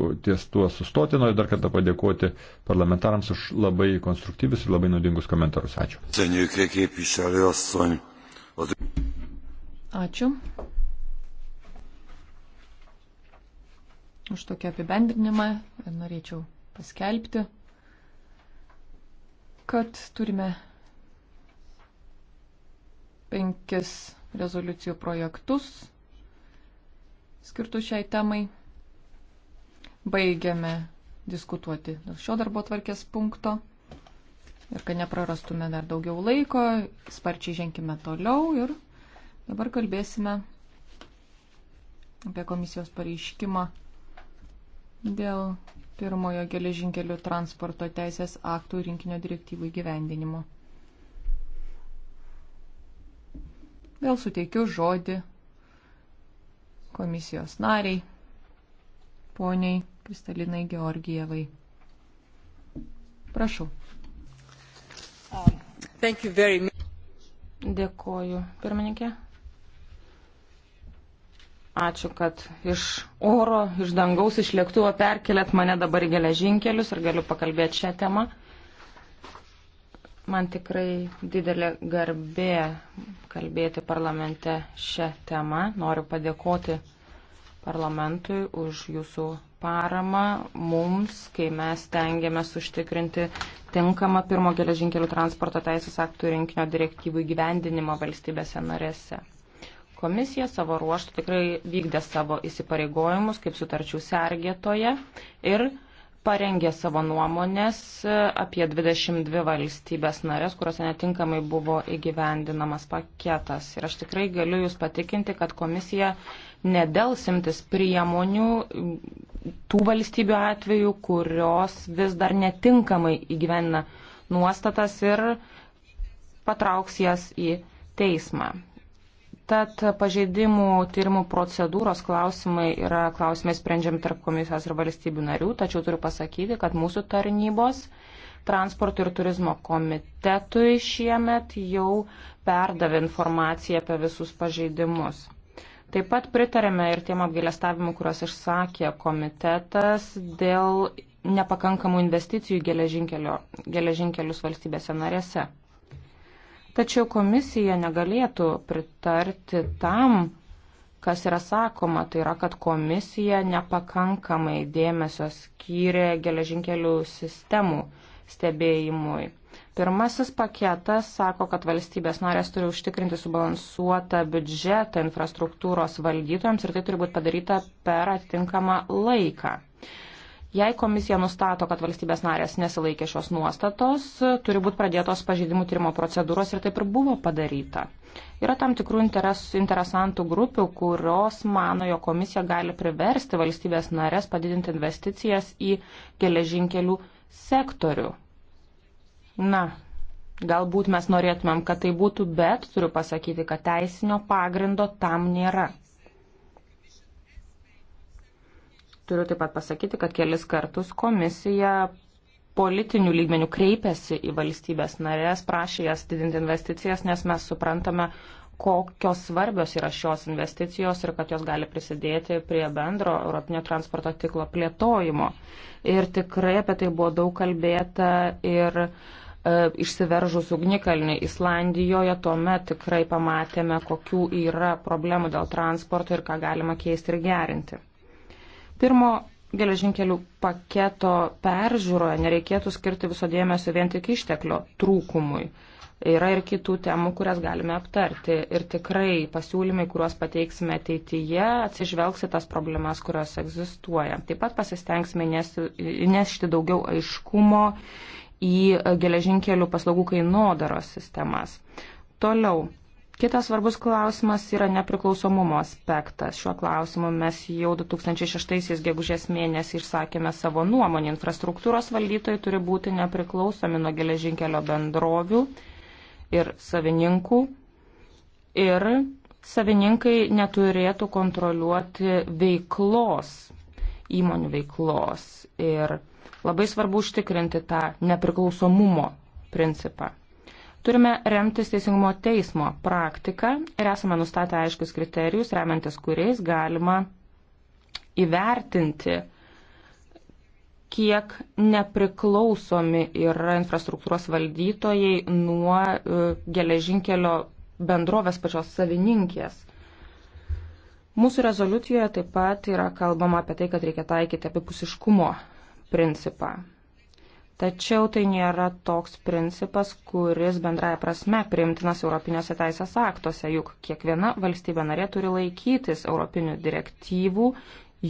norėčiau ties tuo sustoti, noriu dar kartą padėkoti parlamentarams už labai konstruktyvius ir labai naudingus komentarus. Ačiū. Ačiū. Už tokį apibendrinimą norėčiau paskelbti, kad turime penkis rezoliucijų projektus skirtus šiai temai baigiame diskutuoti dėl šio darbo tvarkės punkto. Ir kad neprarastume dar daugiau laiko, sparčiai ženkime toliau ir dabar kalbėsime apie komisijos pareiškimą dėl pirmojo geležinkelių transporto teisės aktų rinkinio direktyvų įgyvendinimo. Vėl suteikiu žodį komisijos nariai poniai Kristalinai Georgijevai. Prašau. Um, Dėkoju, pirmininkė. Ačiū, kad iš oro, iš dangaus, iš lėktuvo perkelėt mane dabar į geležinkelius ir galiu pakalbėti šią temą. Man tikrai didelė garbė kalbėti parlamente šią temą. Noriu padėkoti parlamentui už jūsų paramą mums, kai mes tengiamės užtikrinti tinkamą pirmo geležinkelių transporto teisės aktų rinkinio direktyvų įgyvendinimo valstybėse narėse. Komisija savo ruoštų tikrai vykdė savo įsipareigojimus kaip sutarčių sergėtoje ir parengė savo nuomonės apie 22 valstybės narės, kuriuose netinkamai buvo įgyvendinamas paketas. Ir aš tikrai galiu Jūs patikinti, kad komisija nedelsimtis priemonių tų valstybių atveju, kurios vis dar netinkamai įgyvenina nuostatas ir patrauks jas į teismą. Tad pažeidimų tyrimų procedūros klausimai yra klausimai sprendžiami tarp komisijos ir valstybių narių, tačiau turiu pasakyti, kad mūsų tarnybos transporto ir turizmo komitetui šiemet jau perdavė informaciją apie visus pažeidimus. Taip pat pritarėme ir tiem apgailestavimų, kuriuos išsakė komitetas dėl nepakankamų investicijų geležinkelius valstybėse narėse. Tačiau komisija negalėtų pritarti tam, kas yra sakoma, tai yra, kad komisija nepakankamai dėmesio skyrė geležinkelių sistemų stebėjimui. Pirmasis paketas sako, kad valstybės narės turi užtikrinti subalansuotą biudžetą infrastruktūros valdytojams ir tai turi būti padaryta per atitinkamą laiką. Jei komisija nustato, kad valstybės narės nesilaikė šios nuostatos, turi būti pradėtos pažeidimų tyrimo procedūros ir taip ir buvo padaryta. Yra tam tikrų interes, interesantų grupių, kurios mano, jo komisija gali priversti valstybės narės padidinti investicijas į geležinkelių sektorių Na, Galbūt mes norėtumėm, kad tai būtų, bet turiu pasakyti, kad teisinio pagrindo tam nėra. Turiu taip pat pasakyti, kad kelis kartus komisija politinių lygmenių kreipėsi į valstybės narės, prašė jas didinti investicijas, nes mes suprantame, kokios svarbios yra šios investicijos ir kad jos gali prisidėti prie bendro Europinio transporto tiklo plėtojimo. Ir tikrai apie tai buvo daug kalbėta ir uh, E, išsiveržus ugnikalnį Islandijoje, tuomet tikrai pamatėme, kokių yra problemų dėl transporto ir ką galima keisti ir gerinti. Pirmo geležinkelių paketo peržiūroje nereikėtų skirti viso dėmesio vien tik išteklio trūkumui. Yra ir kitų temų, kurias galime aptarti. Ir tikrai pasiūlymai, kuriuos pateiksime ateityje, atsižvelgsi tas problemas, kurios egzistuoja. Taip pat pasistengsime nešti daugiau aiškumo į geležinkelių paslaugų kainodaros sistemas. Toliau. Kitas svarbus klausimas yra nepriklausomumo aspektas. Šiuo klausimu mes jau 2006 gegužės mėnesį išsakėme savo nuomonį. Infrastruktūros valdytojai turi būti nepriklausomi nuo geležinkelio bendrovių ir savininkų. Ir savininkai neturėtų kontroliuoti veiklos, įmonių veiklos. Ir Labai svarbu užtikrinti tą nepriklausomumo principą. Turime remtis Teisingumo teismo praktiką ir esame nustatę aiškius kriterijus, remiantis kuriais galima įvertinti, kiek nepriklausomi yra infrastruktūros valdytojai nuo e, geležinkelio bendrovės pačios savininkės. Mūsų rezoliucijoje taip pat yra kalbama apie tai, kad reikia taikyti apipusiškumo principą. Tačiau tai nėra toks principas, kuris bendraja prasme priimtinas Europinėse teisės aktuose, juk kiekviena valstybė narė turi laikytis Europinių direktyvų,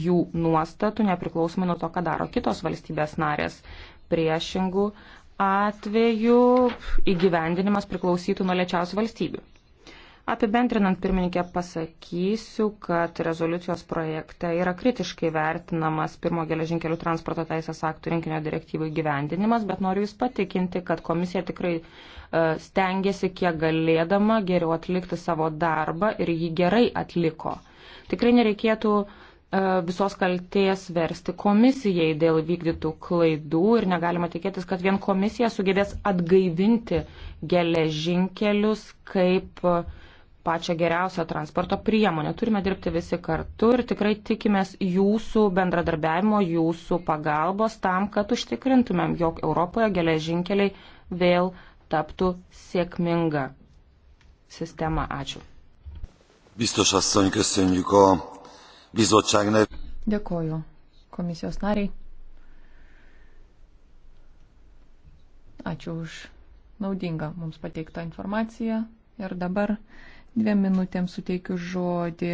jų nuostatų, nepriklausomai nuo to, ką daro kitos valstybės narės. Priešingų atveju įgyvendinimas priklausytų nuo lėčiausių valstybių. Apibendrinant pirmininkę pasakysiu, kad rezoliucijos projekte yra kritiškai vertinamas pirmo geležinkelių transporto teisės aktų rinkinio direktyvų įgyvendinimas, bet noriu Jūs patikinti, kad komisija tikrai e, stengiasi kiek galėdama geriau atlikti savo darbą ir jį gerai atliko. Tikrai nereikėtų e, visos kalties versti komisijai dėl vykdytų klaidų ir negalima tikėtis, kad vien komisija sugebės atgaivinti geležinkelius kaip uh, pačią geriausią transporto priemonę. Turime dirbti visi kartu ir tikrai tikimės jūsų bendradarbiavimo, jūsų pagalbos tam, kad užtikrintumėm, jog Europoje geležinkeliai vėl taptų sėkminga sistema. Ačiū. Biztos asszony, köszönjük a bizottság nev... Dėkoju komisijos nariai. Ačiū už naudingą mums pateiktą informaciją ir dabar Dviem minutėm suteikiu žodį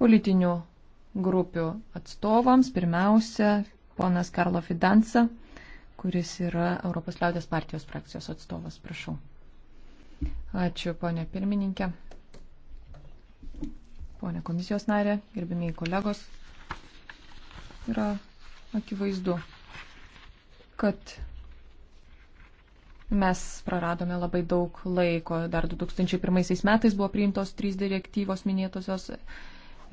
politinių grupių atstovams. Pirmiausia, ponas Karlo Fidansa, kuris yra Europos liaudės partijos frakcijos atstovas. Prašau. Ačiū, ponė pirmininkė. Pone komisijos narė, gerbimiai kolegos. Yra akivaizdu, kad Mes praradome labai daug laiko. Dar 2001 metais buvo priimtos trys direktyvos minėtosios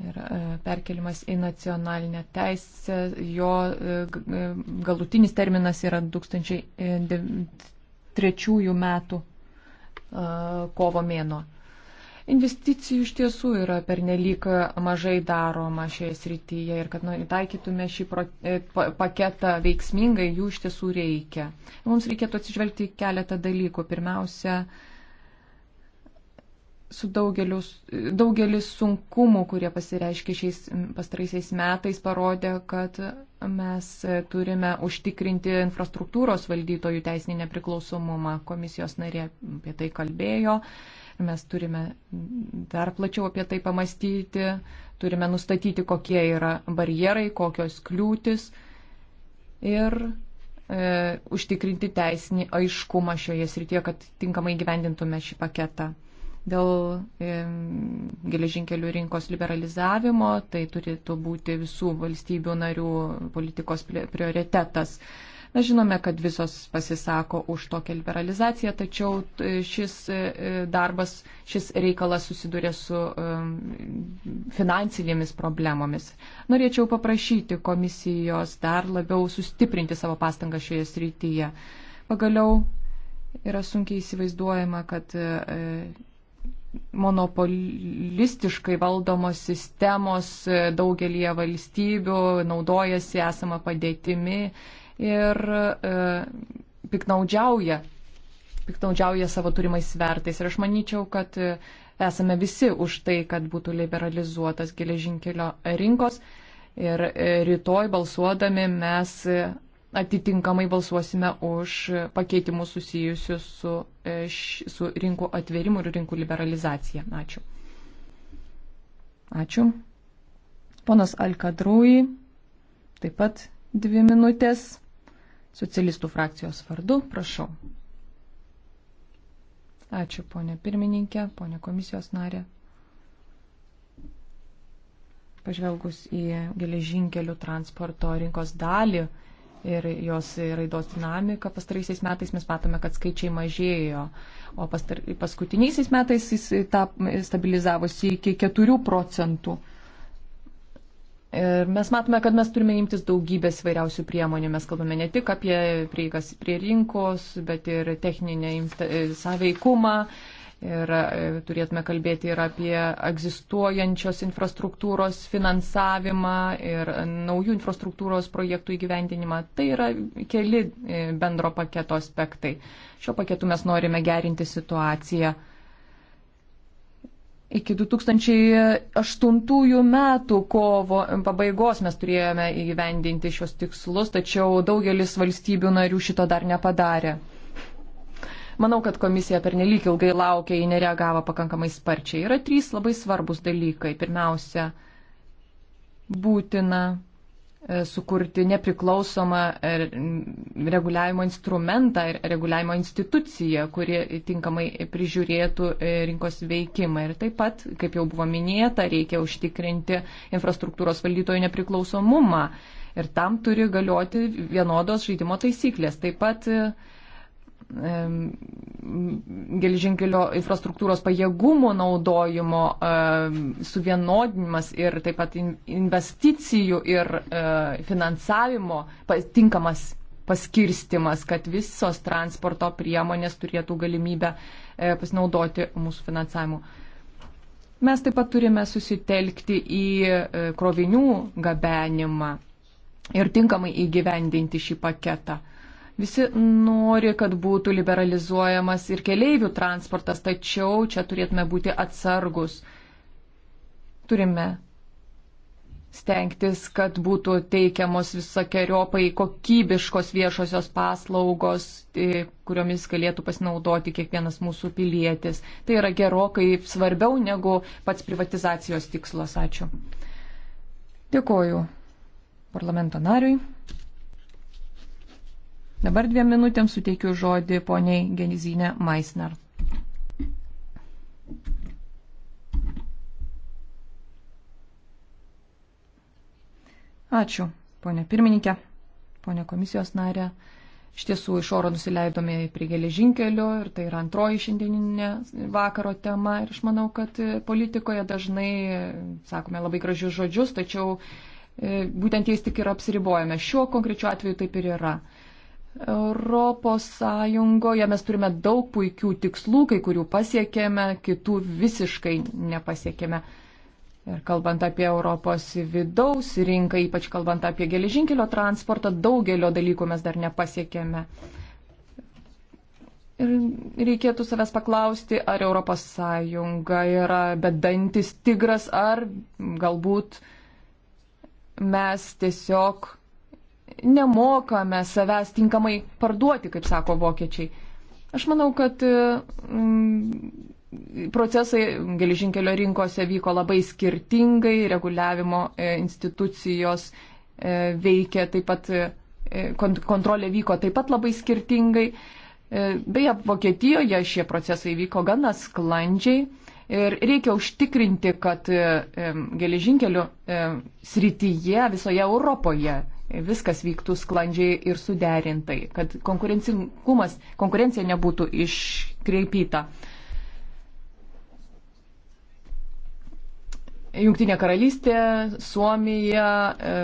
ir e, perkelimas į nacionalinę teisę. Jo e, e, galutinis terminas yra 2003 metų kovo mėnuo investicijų iš tiesų yra pernelyg e, mažai daroma šioje srityje ir kad nu, taikytume šį pro, e, pa, paketą veiksmingai, jų iš tiesų reikia. Mums reikėtų atsižvelgti keletą dalykų. Pirmiausia, su daugeliu, daugelis sunkumų, kurie pasireiškia šiais pastaraisiais metais, parodė, kad mes turime užtikrinti infrastruktūros valdytojų teisinį nepriklausomumą. Komisijos narė apie tai kalbėjo. Mes turime dar plačiau apie tai pamastyti, turime nustatyti, kokie yra barjerai, kokios kliūtis ir e, užtikrinti teisinį aiškumą šioje srityje, kad tinkamai gyvendintume šį paketą dėl e, geležinkelių rinkos liberalizavimo, tai turėtų būti visų valstybių narių politikos prioritetas. Mes žinome, kad visos pasisako už tokią liberalizaciją, tačiau e, šis e, e, darbas, šis reikalas susiduria su finansinėmis problemomis. Norėčiau paprašyti komisijos dar labiau sustiprinti savo pastangą šioje srityje. Pagaliau yra sunkiai įsivaizduojama, kad monopolistiškai valdomos sistemos daugelie valstybių naudojasi esamą padėtimi ir e, piknaudžiauja, piknaudžiauja savo turimais svertais. Ir aš manyčiau, kad e, esame visi už tai, kad būtų liberalizuotas geležinkelio rinkos. Ir e, rytoj balsuodami mes e, atitinkamai balsuosime už pakeitimus susijusius su, su rinkų atverimu ir rinkų liberalizacija. Ačiū. Ačiū. Ponas Alkadrui, taip pat dvi minutės. Socialistų frakcijos vardu, prašau. Ačiū, ponė pirmininkė, ponė komisijos narė. Pažvelgus į geležinkelių transporto rinkos dalį ir jos raidos dinamiką, pastaraisiais metais mes matome, kad skaičiai mažėjo, o pastar, paskutiniaisiais metais jis tą stabilizavosi iki 4 procentų. Ir mes matome, kad mes turime imtis daugybės vairiausių priemonių. Mes kalbame ne tik apie prieigas prie rinkos, bet ir techninę e, sąveikumą. Ir e, turėtume kalbėti ir apie egzistuojančios infrastruktūros finansavimą ir naujų infrastruktūros projektų įgyvendinimą. Tai yra keli e, bendro paketo aspektai. Šio paketu mes norime gerinti situaciją Iki 2008 metų kovo pabaigos mes turėjome įgyvendinti šios tikslus, tačiau daugelis valstybių narių šito dar nepadarė. Manau, kad komisija pernelyg ilgai laukė, ji nereagavo pakankamai sparčiai. Yra trys labai svarbus dalykai. Pirmiausia, būtina E, sukurti nepriklausomą e, reguliavimo instrumentą ir reguliavimo instituciją, kuri tinkamai prižiūrėtų e, rinkos veikimą. Ir taip pat, kaip jau buvo minėta, reikia užtikrinti infrastruktūros valdytojų nepriklausomumą. Ir tam turi galioti vienodos žaidimo taisyklės. Taip pat gelžinkelio infrastruktūros pajėgumų naudojimo suvienodinimas ir taip pat investicijų ir e, finansavimo tinkamas paskirstimas, kad visos transporto priemonės turėtų galimybę e, pasinaudoti mūsų finansavimu. Mes taip pat turime susitelkti į e, krovinių gabenimą ir tinkamai įgyvendinti šį paketą. Visi nori, kad būtų liberalizuojamas ir keleivių transportas, tačiau čia turėtume būti atsargus. Turime stengtis, kad būtų teikiamos visokiojopai kokybiškos viešosios paslaugos, e, kuriomis galėtų pasinaudoti kiekvienas mūsų pilietis. Tai yra gerokai svarbiau negu pats privatizacijos tikslas. Ačiū. Dėkoju parlamento nariui. Dabar dviem minutėms suteikiu žodį poniai Genizinė Maisner. Ačiū, ponė pirmininkė, ponė komisijos narė. Iš tiesų, iš oro nusileidome prie geležinkelio ir tai yra antroji šiandieninė vakaro tema. Ir aš manau, kad politikoje dažnai sakome labai gražius žodžius, tačiau e, būtent jais tik ir apsiribojame. Šiuo konkrečiu atveju taip ir yra. Europos Sąjungoje mes turime daug puikių tikslų, kai kurių pasiekėme, kitų visiškai nepasiekėme. Ir kalbant apie Europos vidaus rinką, ypač kalbant apie geležinkelio transportą, daugelio dalykų mes dar nepasiekėme. Ir reikėtų savęs paklausti, ar Europos Sąjunga yra bedantis tigras, ar galbūt mes tiesiog nemokame savęs tinkamai parduoti, kaip sako vokiečiai. Aš manau, kad mm, procesai geležinkelio rinkose vyko labai skirtingai, reguliavimo e, institucijos e, veikė taip pat, e, kontrolė vyko taip pat labai skirtingai. Beje, Vokietijoje šie procesai vyko gana sklandžiai ir reikia užtikrinti, kad geležinkelių srityje visoje Europoje viskas vyktų sklandžiai ir suderintai, kad konkurencingumas, konkurencija nebūtų iškreipyta. Junktinė karalystė, Suomija e,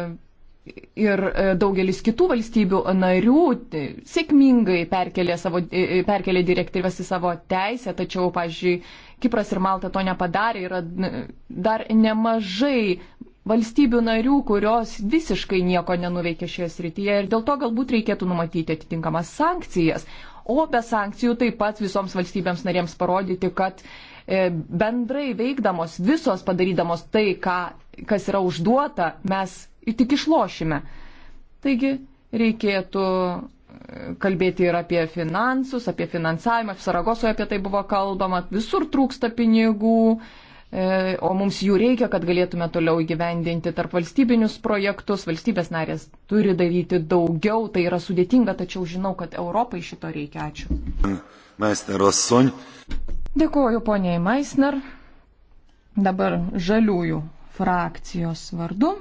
ir e, daugelis kitų valstybių narių e, sėkmingai perkelė, savo, perkelė direktyvas į savo teisę, tačiau, pažiūrėjau, Kipras ir Malta to nepadarė, yra dar nemažai valstybių narių, kurios visiškai nieko nenuveikė šioje srityje ir dėl to galbūt reikėtų numatyti atitinkamas sankcijas, o be sankcijų taip pat visoms valstybėms narėms parodyti, kad e, bendrai veikdamos, visos padarydamos tai, ką, kas yra užduota, mes tik išlošime. Taigi reikėtų e, kalbėti ir apie finansus, apie finansavimą, Saragosoje apie tai buvo kalbama, visur trūksta pinigų, E, o mums jų reikia, kad galėtume toliau įgyvendinti tarp valstybinius projektus. Valstybės narės turi daryti daugiau, tai yra sudėtinga, tačiau žinau, kad Europai šito reikia. Ačiū. Meisner Osson. Dėkuoju poniai Meisner. Dabar žaliųjų frakcijos vardu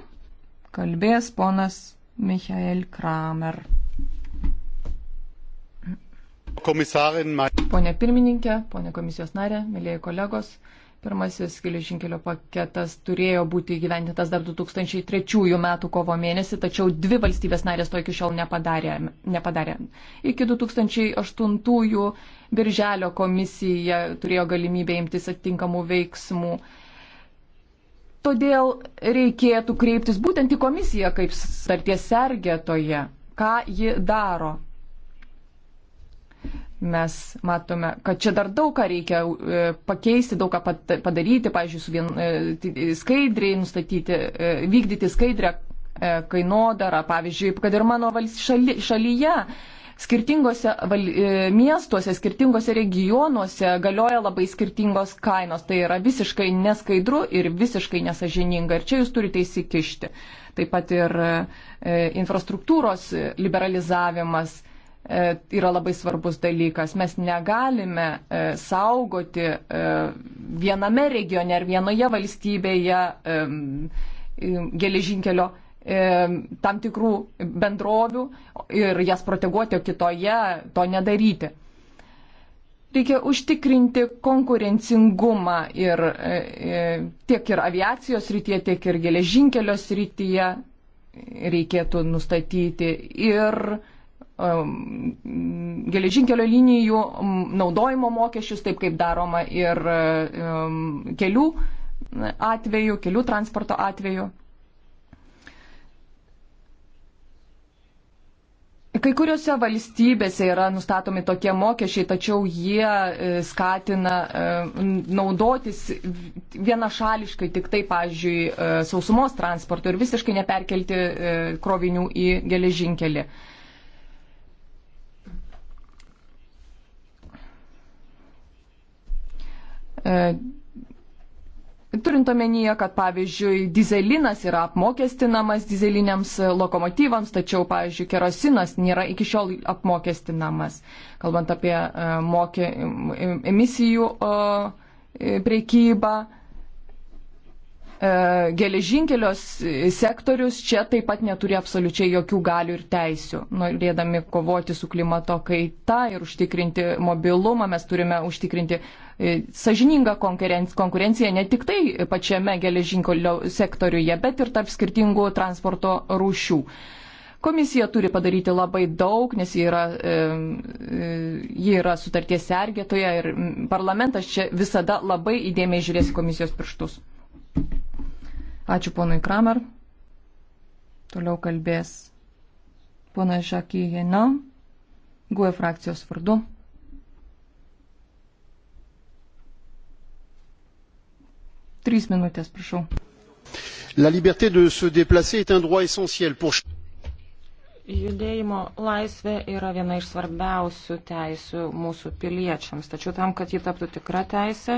kalbės ponas Michael Kramer. Pone pirmininkė, pone komisijos narė, mėlyje kolegos, Pirmasis geležinkelio paketas turėjo būti įgyvendintas dar 2003 m. kovo mėnesį, tačiau dvi valstybės narės to iki šiol nepadarė. nepadarė. Iki 2008 birželio komisija turėjo galimybę imtis atitinkamų veiksmų. Todėl reikėtų kreiptis būtent į komisiją kaip starties sergėtoje, ką ji daro Mes matome, kad čia dar daug ką reikia e, pakeisti, daug ką padaryti, pavyzdžiui, e, skaidriai nustatyti, e, vykdyti skaidrę kainodarą, pavyzdžiui, kad ir mano šali, šalyje skirtingose val, miestuose, skirtingose regionuose galioja labai skirtingos kainos. Tai yra visiškai neskaidru ir visiškai nesažininga. Ir čia jūs turite įsikišti. Taip pat ir infrastruktūros liberalizavimas E, yra labai svarbus dalykas. Mes negalime e, saugoti e, viename regione ar vienoje valstybėje geležinkelio tam tikrų bendrovių ir jas proteguoti, o kitoje to nedaryti. Reikia užtikrinti konkurencingumą ir, tiek ir aviacijos rytyje, tiek ir geležinkelio rytyje reikėtų nustatyti ir Um, geležinkelio linijų um, naudojimo mokesčius, taip kaip daroma ir um, kelių atveju, kelių transporto atveju. Kai kuriuose valstybėse yra nustatomi tokie mokesčiai, tačiau jie e, skatina e, naudotis vienašališkai tik tai, pavyzdžiui, e, sausumos transportu ir visiškai neperkelti krovinių į geležinkelį. E, turint omenyje, kad pavyzdžiui, dizelinas yra apmokestinamas dizeliniams e, lokomotyvams, tačiau, pavyzdžiui, kerosinas nėra iki šiol apmokestinamas, kalbant apie e, mokė, emisijų priekybą. Geležinkelios sektorius čia taip pat neturi absoliučiai jokių galių ir teisių. Norėdami kovoti su klimato kaita ir užtikrinti mobilumą, mes turime užtikrinti uh, E, sažiningą konkurenciją ne tik tai pačiame geležinkolio sektoriuje, bet ir tarp skirtingų transporto rūšių. Komisija turi padaryti labai daug, nes ji yra, e, e, ji yra sutarties sergėtoja ir parlamentas čia visada labai įdėmiai žiūrės į komisijos pirštus. Ačiū ponui Kramer. Toliau kalbės ponas Žakijena, GUE frakcijos vardu. Trys minutės, prašau. La liberté de se déplacer est un droit essentiel pour Judėjimo laisvė yra viena iš svarbiausių teisių mūsų piliečiams, tačiau tam, kad ji taptų tikra teisė,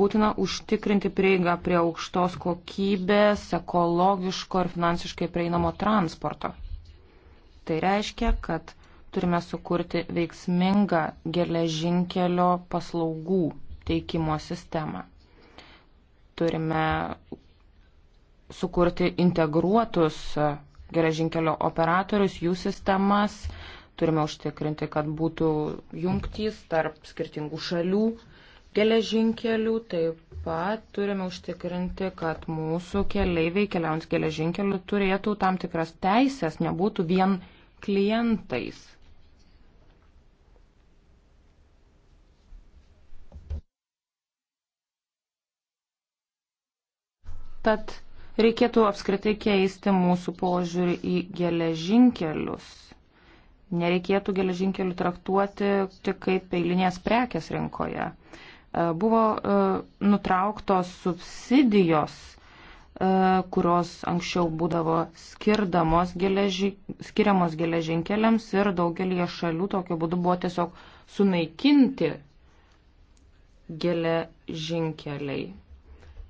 būtina užtikrinti prieigą prie aukštos kokybės, ekologiško ir finansiškai prieinamo transporto. Tai reiškia, kad turime sukurti veiksmingą geležinkelio paslaugų teikimo sistemą. Turime sukurti integruotus geležinkelio operatorius, jų sistemas, turime užtikrinti, kad būtų jungtys tarp skirtingų šalių geležinkelių, taip pat turime užtikrinti, kad mūsų keleiviai keliaujant geležinkeliu turėtų tam tikras teisės, nebūtų vien klientais. Tad reikėtų apskritai keisti mūsų požiūrį į geležinkelius. Nereikėtų geležinkelių traktuoti tik kaip eilinės prekės rinkoje. E, buvo e, nutrauktos subsidijos e, kurios anksčiau būdavo skirdamos geleži, skiriamos geležinkeliams ir daugelį šalių tokiu būdu buvo tiesiog sunaikinti geležinkeliai.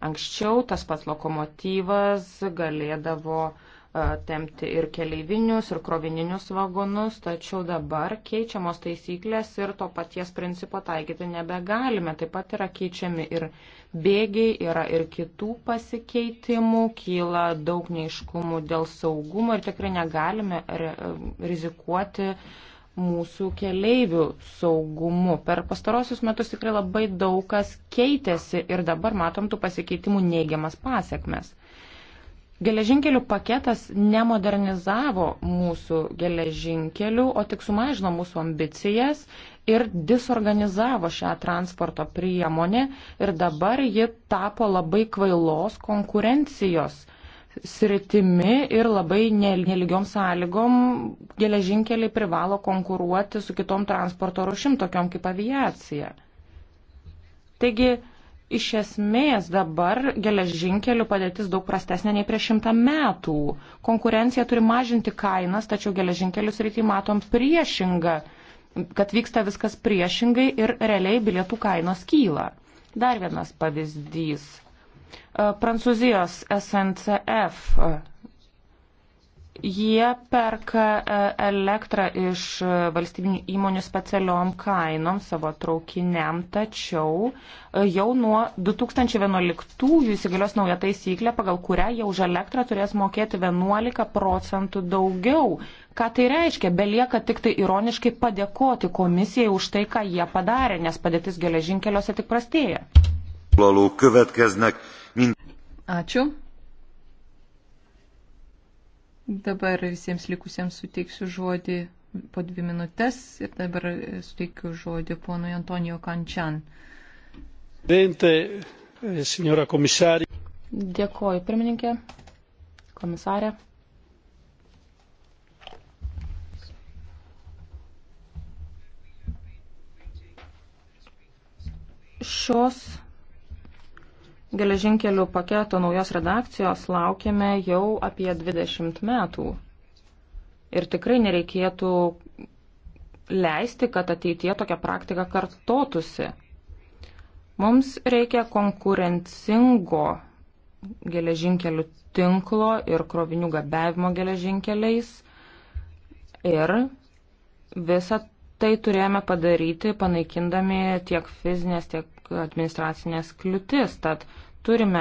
Anksčiau tas pats lokomotyvas galėdavo e, temti ir keleivinius, ir krovininius vagonus, tačiau dabar keičiamos taisyklės ir to paties principo taikyti nebegalime. Taip pat yra keičiami ir bėgiai, yra ir kitų pasikeitimų, kyla daug neiškumų dėl saugumo ir tikrai negalime e, rizikuoti uh, mūsų keleivių saugumu. Per pastarosius metus tikrai labai daug kas keitėsi ir dabar matom tų pasikeitimų neigiamas pasiekmes. Geležinkelių paketas nemodernizavo mūsų geležinkelių, o tik sumažino mūsų ambicijas ir disorganizavo šią transporto priemonę ir dabar ji tapo labai kvailos konkurencijos sritimi ir labai neligiom sąlygom geležinkeliai privalo konkuruoti su kitom transporto rušim, tokiom kaip aviacija. Taigi, iš esmės dabar geležinkelių padėtis daug prastesnė nei prieš šimtą metų. Konkurencija turi mažinti kainas, tačiau geležinkelius rytį matom priešingą, kad vyksta viskas priešingai ir realiai bilietų kainos kyla. Dar vienas pavyzdys E, Prancūzijos SNCF. Jie perka e, elektrą iš e, valstybinių įmonių specialiom kainom savo traukiniam, tačiau jau nuo 2011 įsigalios nauja taisyklė, pagal kurią jau už elektrą turės mokėti 11 procentų daugiau. Ką tai reiškia? Belieka tik tai ironiškai padėkoti komisijai už tai, ką jie padarė, nes padėtis geležinkeliuose tik prastėja. Való következnek mind... Ačiū. Dabar visiems likusiems suteiksiu žodį po dvi minutės ir dabar suteikiu žodį ponui Antonijo Kančian. Eh, Dėkoju, pirmininkė, komisarė. Šios geležinkelių paketo naujos redakcijos laukiame jau apie 20 metų. Ir tikrai nereikėtų leisti, kad ateitie tokia praktika kartotusi. Mums reikia konkurencingo geležinkelių tinklo ir krovinių gabevimo geležinkeliais. Ir visą tai turėjome padaryti, panaikindami tiek fizinės, tiek administracinės kliūtis. Tad turime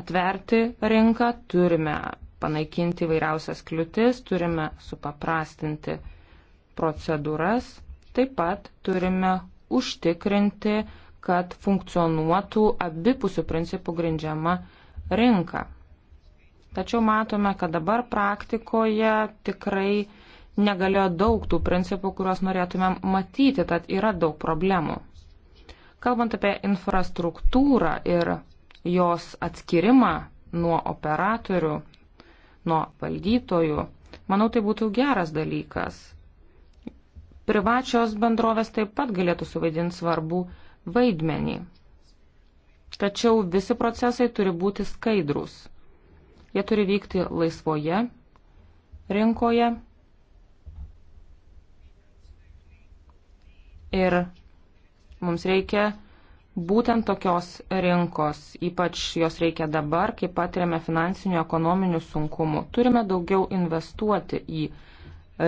atverti rinką, turime panaikinti vairiausias kliūtis, turime supaprastinti procedūras, taip pat turime užtikrinti, kad funkcionuotų abipusių principų grindžiama rinka. Tačiau matome, kad dabar praktikoje tikrai negalėjo daug tų principų, kuriuos norėtumėm matyti, tad yra daug problemų. Kalbant apie infrastruktūrą ir jos atskirimą nuo operatorių, nuo valdytojų, manau, tai būtų geras dalykas. Privačios bendrovės taip pat galėtų suvaidinti svarbų vaidmenį. Tačiau visi procesai turi būti skaidrus. Jie turi vykti laisvoje rinkoje ir Mums reikia būtent tokios rinkos, ypač jos reikia dabar, kai patiriame finansinių ekonominių sunkumų. Turime daugiau investuoti į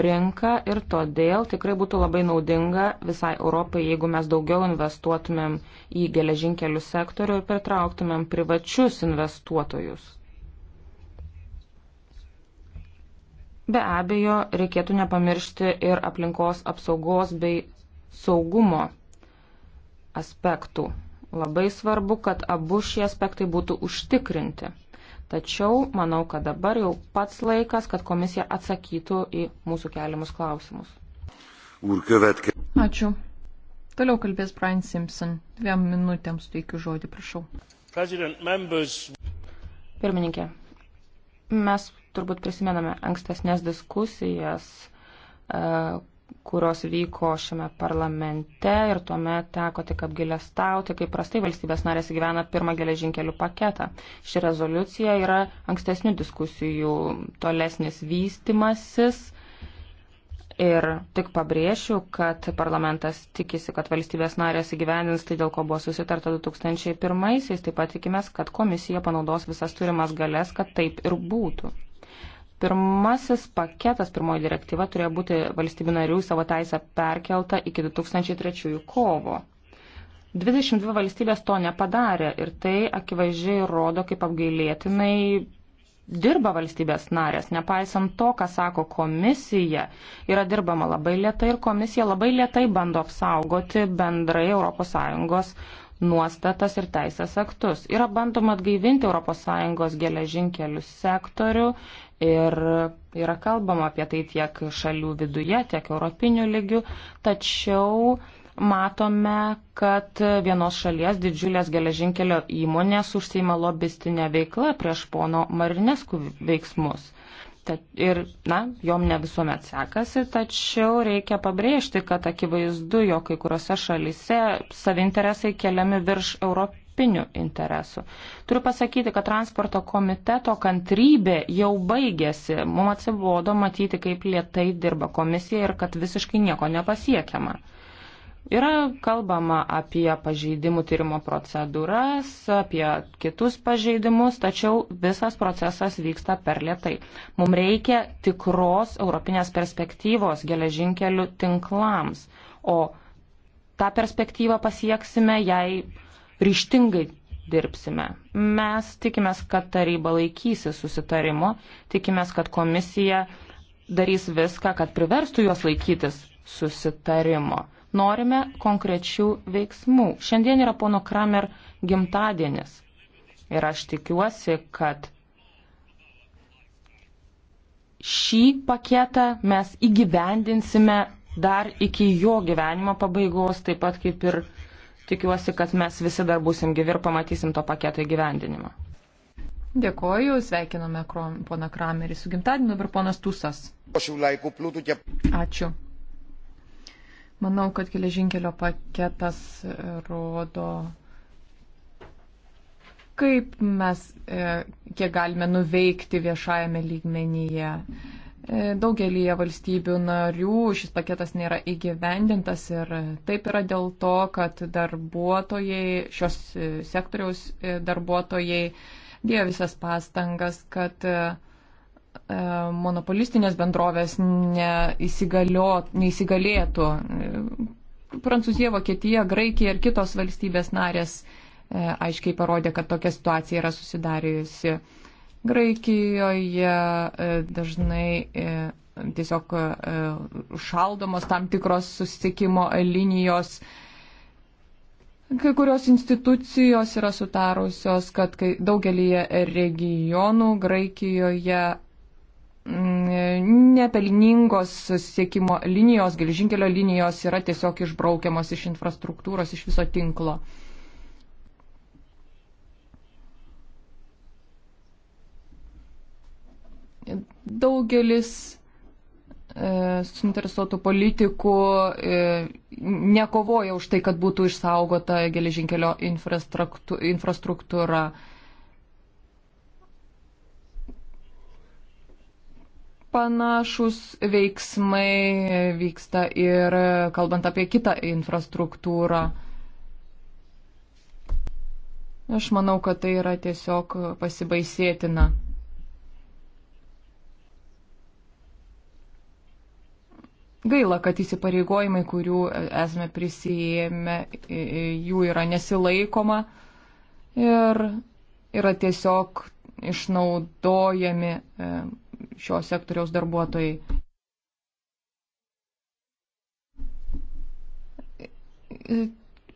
rinką ir todėl tikrai būtų labai naudinga visai Europai, jeigu mes daugiau investuotumėm į geležinkelių sektorių ir pritrauktumėm privačius investuotojus. Be abejo, reikėtų nepamiršti ir aplinkos apsaugos bei saugumo aspektų. Labai svarbu, kad abu šie aspektai būtų užtikrinti. Tačiau manau, kad dabar jau pats laikas, kad komisija atsakytų į mūsų keliamus klausimus. Ačiū. Toliau kalbės Brian Simpson. Dviem minutėms suteikiu žodį, prašau. Pirmininkė, mes turbūt prisimename ankstesnės diskusijas, e, kurios vyko šiame parlamente ir tuomet teko tik apgailestauti, kaip prastai valstybės narės gyvena pirmą geležinkelių paketą. Ši rezoliucija yra ankstesnių diskusijų tolesnis vystimasis. Ir tik pabrėšiu, kad parlamentas tikisi, kad valstybės narės įgyvendins tai, dėl ko buvo susitarta 2001-aisiais. Taip pat tikimės, kad komisija panaudos visas turimas galės, kad taip ir būtų. Pirmasis paketas, pirmoji direktyva turėjo būti valstybių narių savo teisę perkelta iki 2003 kovo. 22 valstybės to nepadarė ir tai akivaizdžiai rodo, kaip apgailėtinai dirba valstybės narės. Nepaisant to, ką sako komisija, yra dirbama labai lietai ir komisija labai lietai bando apsaugoti bendrai ES nuostatas ir teisės aktus. Yra bandoma atgaivinti ES geležinkelių sektorių Ir yra kalbama apie tai tiek šalių viduje, tiek europinių lygių, tačiau matome, kad vienos šalies didžiulės geležinkelio įmonės užsima lobistinę veiklą prieš pono Marineskų veiksmus. Tad ir, na, jom ne visuomet sekasi, tačiau reikia pabrėžti, kad akivaizdu, jog kai kuriuose šalise savinteresai keliami virš Europos europinių interesų. Turiu pasakyti, kad transporto komiteto kantrybė jau baigėsi. Mums atsibodo matyti, kaip lietai dirba komisija ir kad visiškai nieko nepasiekiama. Yra kalbama apie pažeidimų tyrimo procedūras, apie kitus pažeidimus, tačiau visas procesas vyksta per lietai. Mums reikia tikros europinės perspektyvos geležinkelių tinklams, o tą perspektyvą pasieksime, jei ryštingai dirbsime. Mes tikimės, kad taryba laikysis susitarimo, tikimės, kad komisija darys viską, kad priverstų juos laikytis susitarimo. Norime konkrečių veiksmų. Šiandien yra pono Kramer gimtadienis. Ir aš tikiuosi, kad šį paketą mes įgyvendinsime dar iki jo gyvenimo pabaigos, taip pat kaip ir tikiuosi, kad mes visi dar būsim gyvi ir pamatysim to paketo įgyvendinimą. Dėkoju, sveikiname poną Kramerį su gimtadieniu, dabar ponas Tusas. Ačiū. Manau, kad geležinkelio paketas rodo, kaip mes, e, kiek galime nuveikti viešajame lygmenyje. Daugelį valstybių narių šis paketas nėra įgyvendintas ir taip yra dėl to, kad darbuotojai, šios e, sektoriaus e, darbuotojai dėjo visas pastangas, kad e, monopolistinės bendrovės neįsigalėtų. Prancūzija, Vokietija, Graikija ir kitos valstybės narės aiškiai parodė, kad tokia situacija yra susidariusi Graikijoje e, dažnai e, tiesiog e, šaldomos tam tikros susitikimo linijos. Kai kurios institucijos yra sutarusios, kad daugelį regionų Graikijoje mm, nepelningos susisiekimo linijos, gelžinkelio linijos yra tiesiog išbraukiamos iš infrastruktūros, iš viso tinklo. Daugelis e, suinteresuotų politikų e, nekovoja už tai, kad būtų išsaugota geležinkelio infrastruktūra. Panašus veiksmai vyksta ir kalbant apie kitą infrastruktūrą. Aš manau, kad tai yra tiesiog pasibaisėtina. Gaila, kad įsipareigojimai, kurių esame prisijėmę, jų yra nesilaikoma ir yra tiesiog išnaudojami e, šio sektoriaus darbuotojai. E,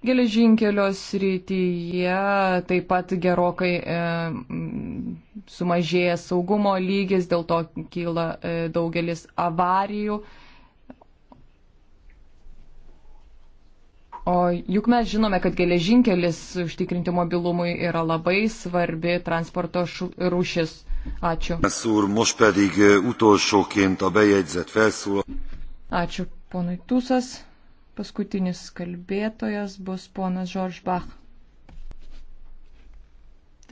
geležinkelio srityje taip pat gerokai e, sumažėja saugumo lygis, dėl to kyla e, daugelis avarijų. E, O juk mes žinome, kad geležinkelis užtikrinti mobilumui yra labai svarbi transporto rūšis. Ačiū. Ačiū, ponui Tusas. Paskutinis kalbėtojas bus ponas Žorž Bach.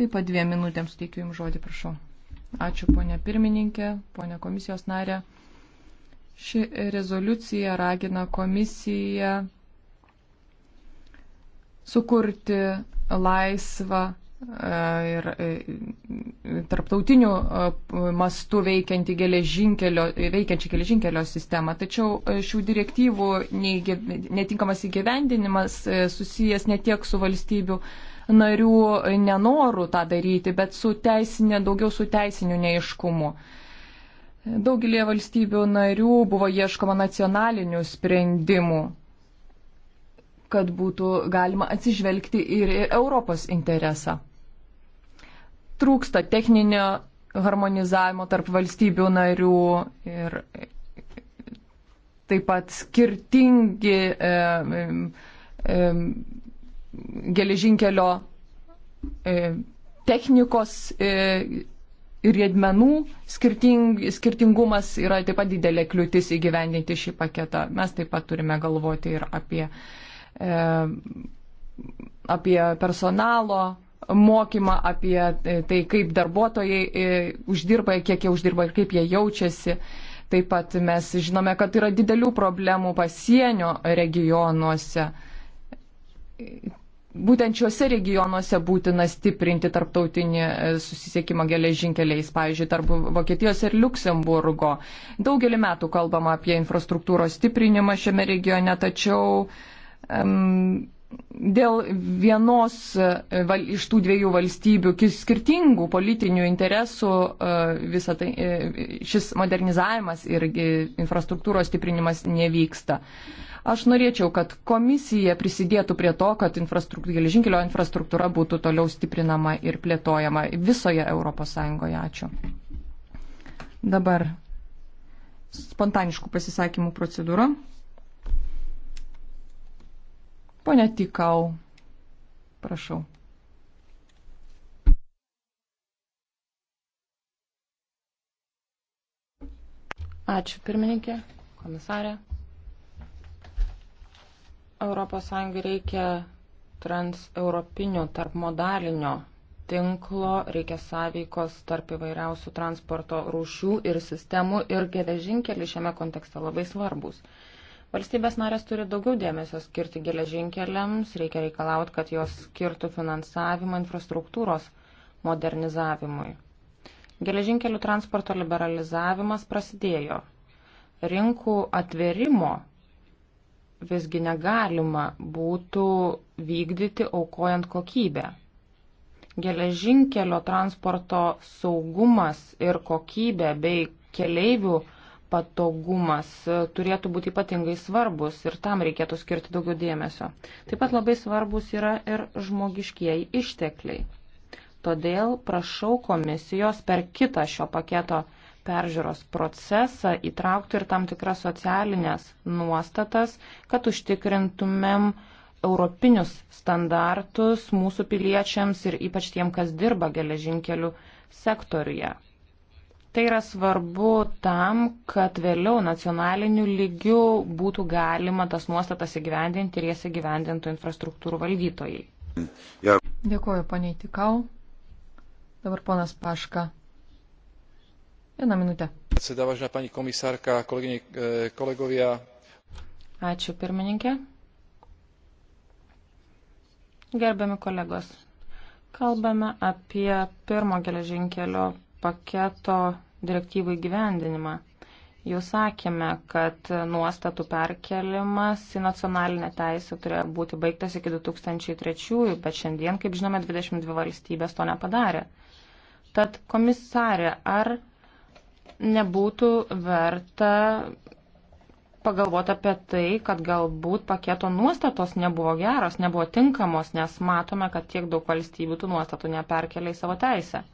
Taip pat dviem minutėms teikiu Jums žodį, prašau. Ačiū, ponė pirmininkė, ponė komisijos narė. Ši rezoliucija ragina komisiją sukurti laisvą e, ir e, tarptautinių e, mastų veikianti geležinkelio, veikiančią geležinkelio sistemą. Tačiau šių direktyvų netinkamas įgyvendinimas susijęs ne tiek su valstybių narių nenoru tą daryti, bet su teisinė, daugiau su teisiniu neiškumu. Daugelie valstybių narių buvo ieškoma nacionalinių sprendimų kad būtų galima atsižvelgti ir į Europos interesą. Trūksta techninio harmonizavimo tarp valstybių narių ir taip pat skirtingi e, e, e geležinkelio e, technikos e, riedmenų skirting, skirtingumas yra taip pat didelė kliūtis įgyvendinti šį paketą. Mes taip pat turime galvoti ir apie e, E, apie personalo mokymą, apie e, tai, kaip darbuotojai e, uždirba, kiek jie uždirba ir kaip jie jaučiasi. Taip pat mes žinome, kad yra didelių problemų pasienio regionuose. Būtent šiuose regionuose būtina stiprinti tarptautinį susisiekimą geležinkeliais, pavyzdžiui, tarp Vokietijos ir Luksemburgo. Daugelį metų kalbama apie infrastruktūros stiprinimą šiame regione, tačiau uh, dėl vienos e, iš tų dviejų valstybių skirtingų politinių interesų e, visa tai, e, šis modernizavimas ir infrastruktūros stiprinimas nevyksta. Aš norėčiau, kad komisija prisidėtų prie to, kad infrastruktūra, geležinkelio infrastruktūra būtų toliau stiprinama ir plėtojama visoje ES. Ačiū. Dabar spontaniškų pasisakymų procedūra. Pone Tikau, prašau. Ačiū pirmininkė, komisarė. ES reikia transeuropinio tarpmodalinio tinklo, reikia sąveikos tarp įvairiausių transporto rūšių ir sistemų ir geležinkeliai šiame kontekste labai svarbus. Valstybės narės turi daugiau dėmesio skirti geležinkeliams, reikia reikalauti, kad jos skirtų finansavimą infrastruktūros modernizavimui. Geležinkelių transporto liberalizavimas prasidėjo. Rinkų atverimo visgi negalima būtų vykdyti aukojant kokybę. Geležinkelio transporto saugumas ir kokybė bei keleivių patogumas e, turėtų būti ypatingai svarbus ir tam reikėtų skirti daugiau dėmesio. Taip pat labai svarbus yra ir žmogiškieji ištekliai. Todėl prašau komisijos per kitą šio paketo peržiūros procesą įtraukti ir tam tikras socialinės nuostatas, kad užtikrintumėm europinius standartus mūsų piliečiams ir ypač tiem, kas dirba geležinkelių sektoriuje. Tai yra svarbu tam, kad vėliau nacionaliniu lygiu būtų galima tas nuostatas įgyvendinti ir jas įgyvendintų infrastruktūrų valdytojai. Ja. Dėkuoju, poniai Tikau. Dabar ponas Paška. Vieną minutę. Vážená pani komisárka, kolegyne, eh, kolegovia. Ačiū, pirmininkė. Gerbiami kolegos, kalbame apie pirmo geležinkelio paketo direktyvų įgyvendinimą. Jau sakėme, kad nuostatų perkelimas į nacionalinę teisę turėjo būti baigtas iki 2003, bet šiandien, kaip žinome, 22 valstybės to nepadarė. Tad komisarė, ar nebūtų verta pagalvoti apie tai, kad galbūt paketo nuostatos nebuvo geros, nebuvo tinkamos, nes matome, kad tiek daug valstybių tų nuostatų neperkelia į savo teisę.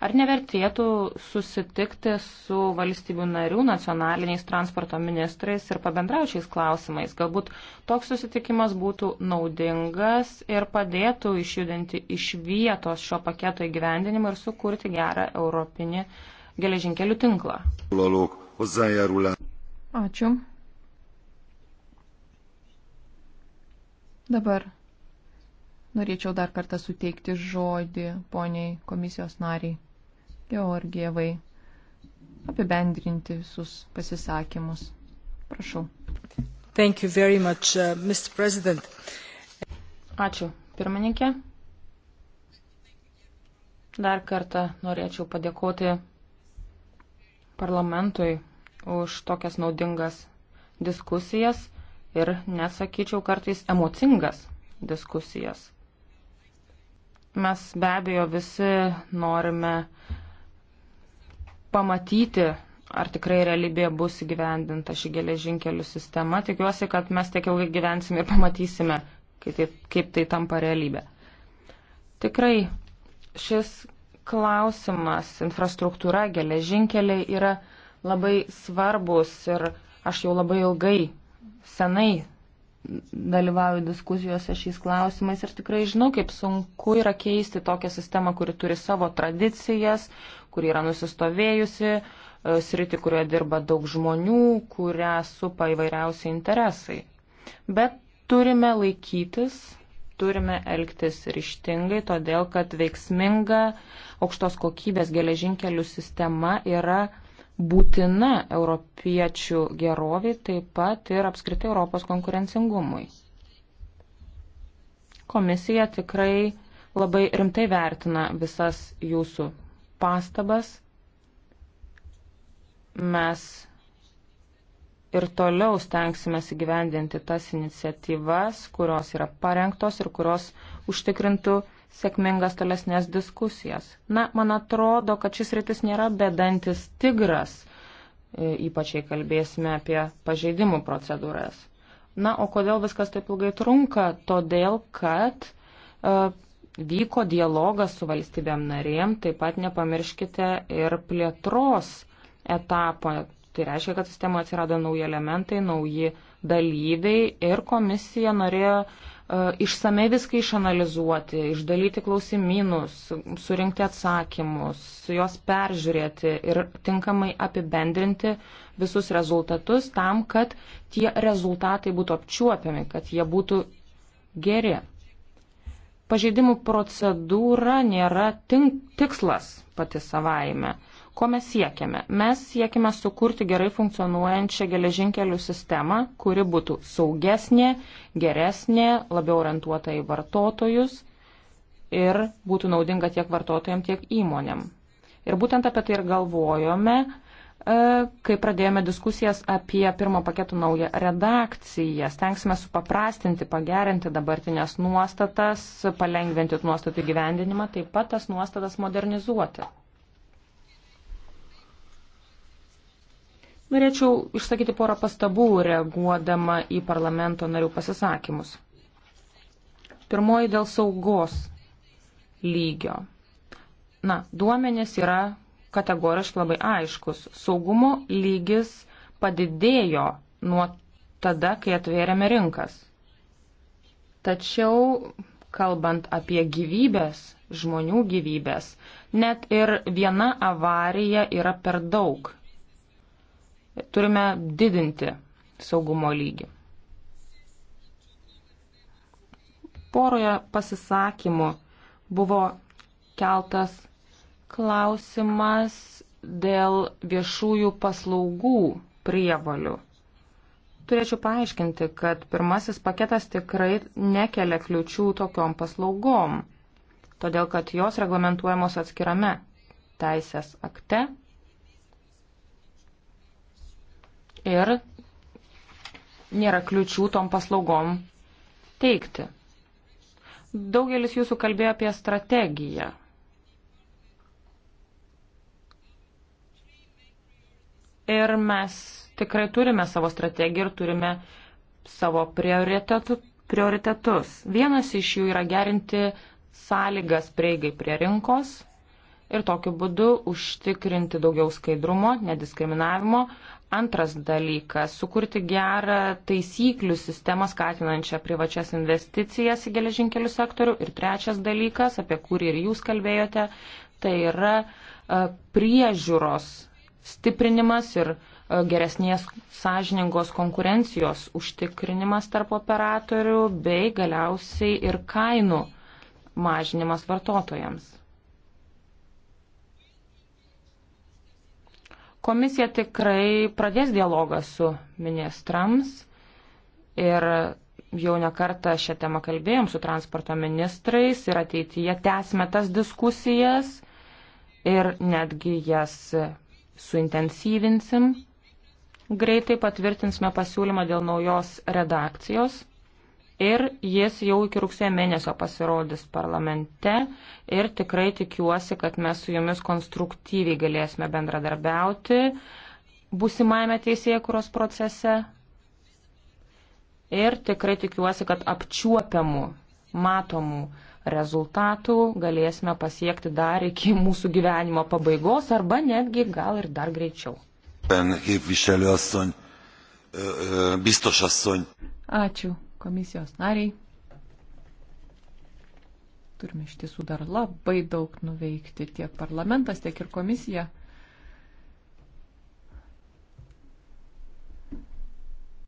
Ar nevertėtų susitikti su valstybių narių nacionaliniais transporto ministrais ir pabendraučiais klausimais? Galbūt toks susitikimas būtų naudingas ir padėtų išjudinti iš vietos šio paketo įgyvendinimą ir sukurti gerą europinį geležinkelių tinklą. Ačiū. Dabar norėčiau dar kartą suteikti žodį poniai komisijos nariai. Georgievai apibendrinti visus pasisakymus. Prašau. Thank you very much, uh, Mr. President. Ačiū, pirmininkė. Dar kartą norėčiau padėkoti parlamentui už tokias naudingas diskusijas ir nesakyčiau kartais emocingas diskusijas. Mes be abejo visi norime pamatyti, ar tikrai realybėje bus įgyvendinta ši geležinkelių sistema. Tikiuosi, kad mes tiek ilgai gyvensime ir pamatysime, kaip tai, kaip tai tampa realybė. Tikrai šis klausimas, infrastruktūra, geležinkeliai yra labai svarbus ir aš jau labai ilgai, senai dalyvauju diskusijose šiais klausimais ir tikrai žinau, kaip sunku yra keisti tokią sistemą, kuri turi savo tradicijas, kuri yra nusistovėjusi, e, sritį, kurioje dirba daug žmonių, kurią supa įvairiausi interesai. Bet turime laikytis, turime elgtis ryštingai, todėl kad veiksminga aukštos kokybės geležinkelių sistema yra būtina europiečių geroviai, taip pat ir apskritai Europos konkurencingumui. Komisija tikrai labai rimtai vertina visas jūsų pastabas. Mes ir toliau stengsime įgyvendinti tas iniciatyvas, kurios yra parengtos ir kurios užtikrintų sėkmingas tolesnės diskusijas. Na, man atrodo, kad šis rytis nėra bedantis tigras, e, ypač jei kalbėsime apie pažeidimų procedūras. Na, o kodėl viskas taip ilgai trunka? Todėl, kad uh, vyko dialogas su valstybėm narėm, taip pat nepamirškite ir plėtros etapą. Tai reiškia, kad sistemoje atsirado nauji elementai, nauji dalyviai ir komisija norėjo uh, išsamei viską išanalizuoti, išdalyti klausimynus, surinkti atsakymus, juos peržiūrėti ir tinkamai apibendrinti visus rezultatus tam, kad tie rezultatai būtų apčiuopiami, kad jie būtų geri. Pažeidimų procedūra nėra tink, tikslas pati savaime. Ko mes siekiame? Mes siekime sukurti gerai funkcionuojančią geležinkelių sistemą, kuri būtų saugesnė, geresnė, labiau orientuota į vartotojus ir būtų naudinga tiek vartotojams, tiek įmonėm. Ir būtent apie tai ir galvojome, E, kai pradėjome diskusijas apie pirmo paketo naują redakciją. Stengsime supaprastinti, pagerinti dabartinės nuostatas, palengventi nuostatų gyvendinimą, taip pat tas nuostatas modernizuoti. Norėčiau išsakyti porą pastabų, reaguodama į parlamento narių pasisakymus. Pirmoji dėl saugos lygio. Na, duomenės yra kategoriškai labai aiškus. Saugumo lygis padidėjo nuo tada, kai atvėrėme rinkas. Tačiau, kalbant apie gyvybės, žmonių gyvybės, net ir viena avarija yra per daug. Turime didinti saugumo lygį. Poroje pasisakymų buvo keltas klausimas dėl viešųjų paslaugų prievalių. Turėčiau paaiškinti, kad pirmasis paketas tikrai nekelia kliučių tokiom paslaugom, todėl kad jos reglamentuojamos atskirame teisės akte ir nėra kliučių tom paslaugom teikti. Daugelis jūsų kalbėjo apie strategiją. Ir mes tikrai turime savo strategiją ir turime savo prioritetus. Vienas iš jų yra gerinti sąlygas prieigai prie rinkos ir tokiu būdu užtikrinti daugiau skaidrumo, nediskriminavimo. Antras dalykas - sukurti gerą taisyklių sistemą skatinančią privačias investicijas į geležinkelių sektorių. Ir trečias dalykas, apie kurį ir jūs kalbėjote, tai yra e, priežiūros stiprinimas ir e, geresnės sąžiningos konkurencijos užtikrinimas tarp operatorių bei galiausiai ir kainų mažinimas vartotojams. Komisija tikrai pradės dialogą su ministrams ir jau nekartą šią temą kalbėjom su transporto ministrais ir ateityje tęsime tas diskusijas ir netgi jas suintensyvinsim. Greitai patvirtinsime pasiūlymą dėl naujos redakcijos ir jis jau iki rugsėjo mėnesio pasirodys parlamente ir tikrai tikiuosi, kad mes su jumis konstruktyviai galėsime bendradarbiauti busimajame teisėkuros procese ir tikrai tikiuosi, kad apčiuopiamų, matomų rezultatų galėsime pasiekti dar iki mūsų gyvenimo pabaigos arba netgi gal ir dar greičiau. Ačiū komisijos nariai. Turime iš tiesų dar labai daug nuveikti tiek parlamentas, tiek ir komisija